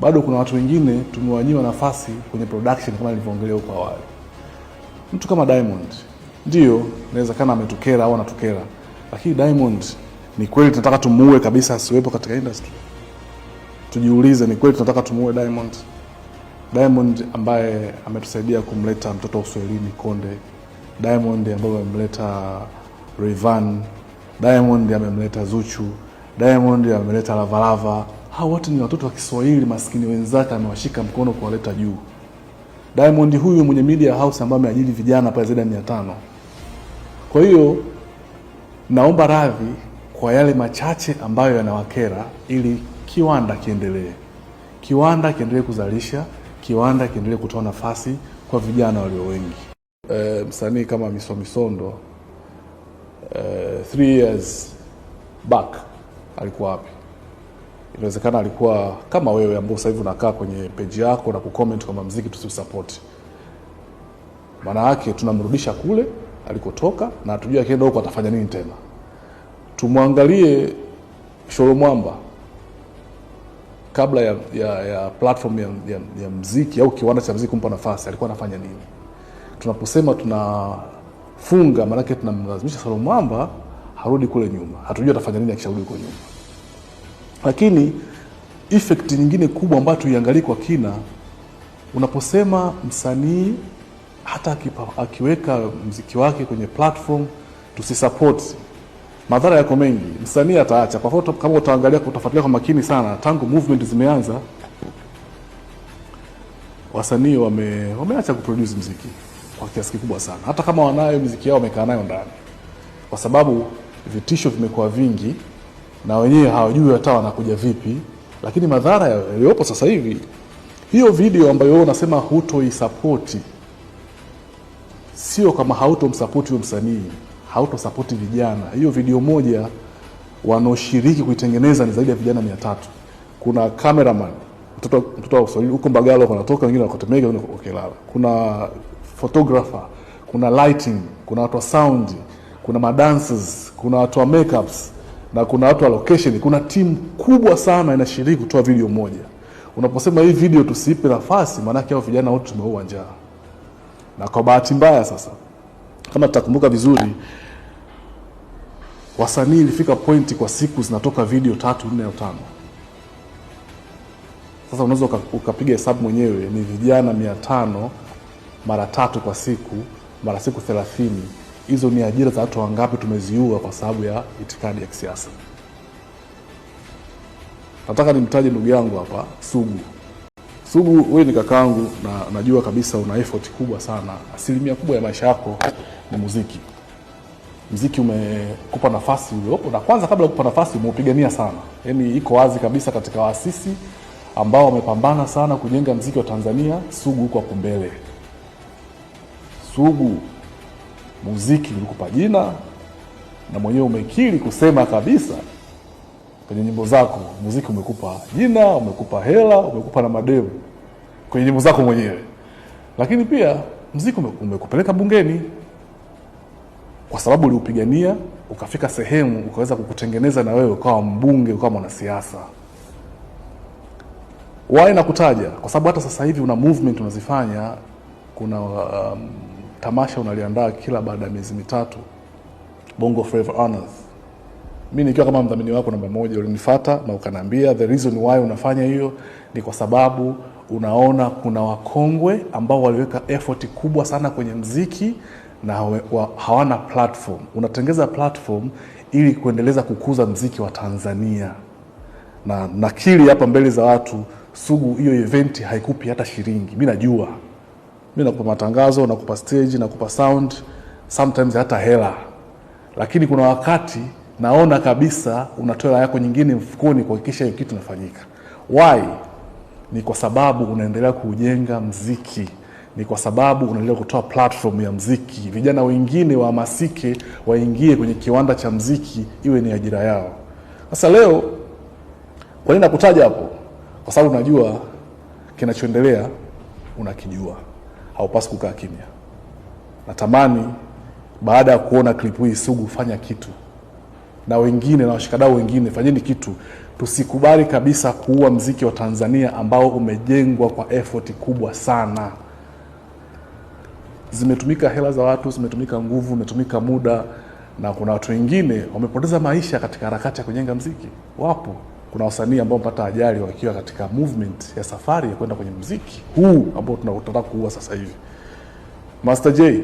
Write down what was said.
bado kuna watu wengine tumewanyima nafasi kwenye production kama nilivyoongelea huko awali. Mtu kama Diamond ndio inawezekana ametukera au anatukera, lakini Diamond ni kweli tunataka tumuue kabisa asiwepo katika industry? Tujiulize, ni kweli tunataka tumuue Diamond? Diamond ambaye ametusaidia kumleta mtoto wa Konde, Diamond ambaye amemleta Rayvanny, Diamond amemleta Zuchu, Diamond amemleta Lavalava Hawa watu ni watoto wa Kiswahili maskini wenzake amewashika mkono kuwaleta juu. Diamond huyu mwenye media house ambaye ameajili vijana pale zaidi ya mia tano. Kwa hiyo naomba radhi kwa yale machache ambayo yanawakera, ili kiwanda kiendelee, kiwanda kiendelee kuzalisha, kiwanda kiendelee kutoa nafasi kwa vijana walio wengi. E, msanii kama Misomisondo e, eh, three years back alikuwa wapi? inawezekana alikuwa kama wewe ambao sasa hivi unakaa kwenye peji yako na kucomment kwamba mziki tusiusapoti. Maana yake tunamrudisha kule alikotoka na hatujui akienda huko atafanya nini tena. Tumwangalie Sholo Mwamba kabla ya, ya, ya platform ya, ya, ya mziki au kiwanda cha mziki kumpa nafasi alikuwa anafanya nini? Tunaposema tunafunga, maanake tunamlazimisha Sholo Mwamba harudi kule nyuma, hatujui atafanya nini akisharudi kule nyuma. Lakini effect nyingine kubwa ambayo tuiangalii kwa kina, unaposema msanii hata akipa, akiweka mziki wake kwenye platform tusisupport, madhara yako mengi, msanii ataacha. Kwa mfano kama utaangalia, utafuatilia kwa makini sana, tangu movement zimeanza wasanii wame, wameacha kuproduce mziki kwa kiasi kikubwa sana, hata kama wanayo mziki yao wamekaa nayo ndani, kwa sababu vitisho vimekuwa vingi na wenyewe hawajui hata wanakuja vipi, lakini madhara yaliyopo sasa hivi, hiyo video ambayo wewe unasema hutoisapoti, sio kama hautomsapoti huyo msanii, hautosapoti vijana. Hiyo video moja wanaoshiriki kuitengeneza ni zaidi ya vijana mia tatu. Kuna cameraman mtoto mtoto wa Kiswahili huko Mbagala wanatoka wengine wako Temeke wengine wako Kuna photographer, kuna lighting, kuna watu wa sound, kuna madances, kuna watu wa makeups na kuna watu allocation, kuna timu kubwa sana inashiriki kutoa video moja. Unaposema hii video tusiipe nafasi, maanake hao vijana wote tumeua njaa. Na kwa bahati mbaya sasa, kama tutakumbuka vizuri, wasanii ilifika pointi kwa siku zinatoka video tatu nne au tano. Sasa unaweza ukapiga hesabu mwenyewe, ni vijana mia tano mara tatu kwa siku mara siku thelathini hizo ni ajira za watu wangapi tumeziua kwa sababu ya itikadi ya kisiasa. Nataka nimtaje ndugu yangu hapa Sugu. Sugu, wewe ni kakaangu na najua kabisa una effort kubwa sana. Asilimia kubwa ya maisha yako ni muziki. Muziki umekupa nafasi uliopo, na kwanza kabla kukupa nafasi umeupigania sana, yaani iko wazi kabisa katika waasisi ambao wamepambana sana kujenga mziki wa Tanzania. Sugu kwa kumbele Sugu muziki ulikupa jina na mwenyewe umekiri kusema kabisa kwenye nyimbo zako, muziki umekupa jina, umekupa hela, umekupa na mademu kwenye nyimbo zako mwenyewe, lakini pia muziki umekupeleka bungeni kwa sababu uliupigania ukafika sehemu ukaweza kukutengeneza na wewe ukawa mbunge ukawa mwanasiasa. Why nakutaja? Kwa sababu hata sasa hivi una movement unazifanya, kuna um, tamasha unaliandaa kila baada ya miezi mitatu, Bongo Flava Honors. Mi nikiwa kama mdhamini wako namba moja, ulinifata na ukaniambia the reason why unafanya hiyo ni kwa sababu unaona kuna wakongwe ambao waliweka effort kubwa sana kwenye mziki na hawana platform. Unatengeza platform ili kuendeleza kukuza mziki wa Tanzania, na nakili hapa mbele za watu, Sugu, hiyo eventi haikupi hata shilingi, mi najua mi nakupa matangazo, nakupa stage, nakupa sound, sometimes hata hela. Lakini kuna wakati naona kabisa unatoa hela yako nyingine mfukoni kuhakikisha hiyo kitu inafanyika. Why? Ni kwa sababu unaendelea kuujenga mziki ni kwa sababu unaendelea kutoa platform ya mziki, vijana wengine wahamasike, waingie kwenye kiwanda cha mziki, iwe ni ajira yao. Sasa leo, kwa nini nakutaja hapo? Kwa sababu unajua kinachoendelea, unakijua haupasi kukaa kimya. Natamani baada ya kuona klipu hii Sugu, fanya kitu na wengine na washikadau wengine, fanyeni kitu. Tusikubali kabisa kuua mziki wa Tanzania ambao umejengwa kwa effort kubwa sana. Zimetumika hela za watu, zimetumika nguvu, umetumika muda, na kuna watu wengine wamepoteza maisha katika harakati ya kujenga mziki. Wapo kuna wasanii ambao wamepata ajali wakiwa katika movement ya safari ya kwenda kwenye mziki huu ambao tunataka kuua sasa hivi. Master J